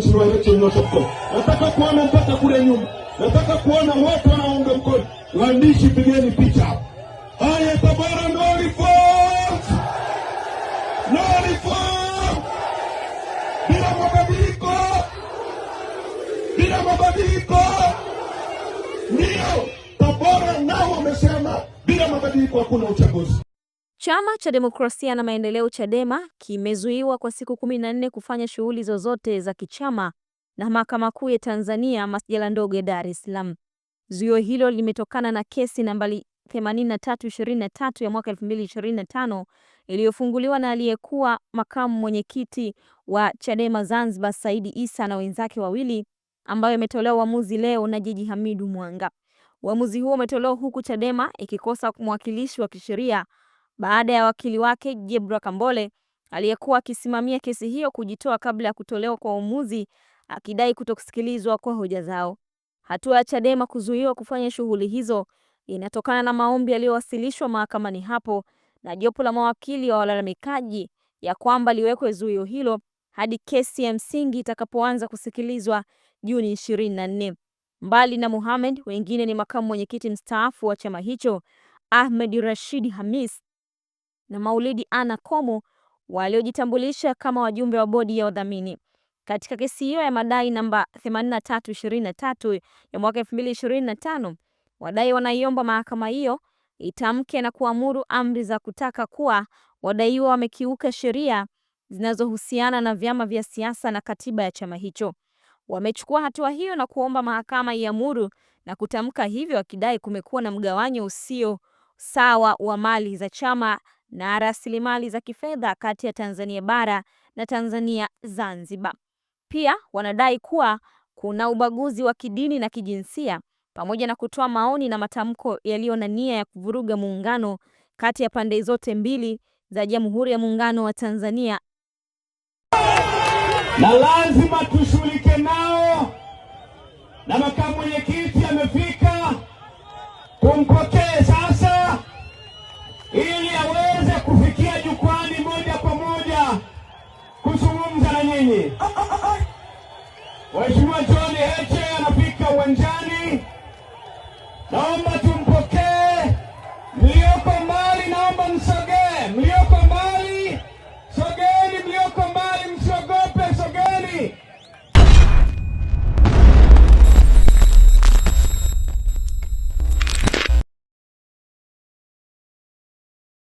manusura yote iliyotoka. Nataka kuona mpaka kule nyuma, nataka kuona watu wanaunga mkono. Waandishi, pigeni picha hapo. Haya, Tabora no reforms, no reforms, bila mabadiliko, bila mabadiliko. Ndio Tabora nao wamesema bila mabadiliko hakuna uchaguzi. Chama cha Demokrasia na Maendeleo Chadema kimezuiwa kwa siku kumi kufanya shughuli zozote za kichama na Mahakama Kuu ya Tanzania masjala ndogo ya Dar es Salaam. Zuio hilo limetokana na kesi nambari 8323 ya mwaka 2025 iliyofunguliwa na aliyekuwa makamu mwenyekiti wa Chadema Zanzibar Saidi Isa na wenzake wawili ambayo imetolewa uamuzi leo na Jaji Hamidu Mwanga. Uamuzi huo umetolewa huku Chadema ikikosa mwakilishi wa kisheria baada ya wakili wake Jebra Kambole aliyekuwa akisimamia kesi hiyo kujitoa kabla ya kutolewa kwa uamuzi akidai kutokusikilizwa kwa hoja zao. Hatua ya Chadema kuzuiwa kufanya shughuli hizo inatokana na maombi yaliyowasilishwa mahakamani hapo na jopo la mawakili wa walalamikaji ya kwamba liwekwe zuio hilo hadi kesi ya msingi itakapoanza kusikilizwa Juni 24. Mbali na Mohamed, wengine ni makamu mwenyekiti mstaafu wa chama hicho Ahmed Rashid Hamis na Maulidi Anna Komu waliojitambulisha kama wajumbe wa bodi ya udhamini. Katika kesi hiyo ya madai namba 8323 ya mwaka 2025, wadai wanaiomba mahakama hiyo itamke na kuamuru amri za kutaka kuwa wadaiwa wamekiuka sheria zinazohusiana na vyama vya siasa na katiba ya chama hicho. Wamechukua hatua hiyo na kuomba mahakama iamuru na kutamka hivyo, akidai kumekuwa na mgawanyo usio sawa wa mali za chama na rasilimali za kifedha kati ya Tanzania bara na Tanzania Zanzibar. Pia wanadai kuwa kuna ubaguzi wa kidini na kijinsia pamoja na kutoa maoni na matamko yaliyo na nia ya kuvuruga muungano kati ya pande zote mbili za Jamhuri ya Muungano wa Tanzania na lazima tushughulike nao, na makamu mwenyekiti amefika kumpokea nini? Waheshimiwa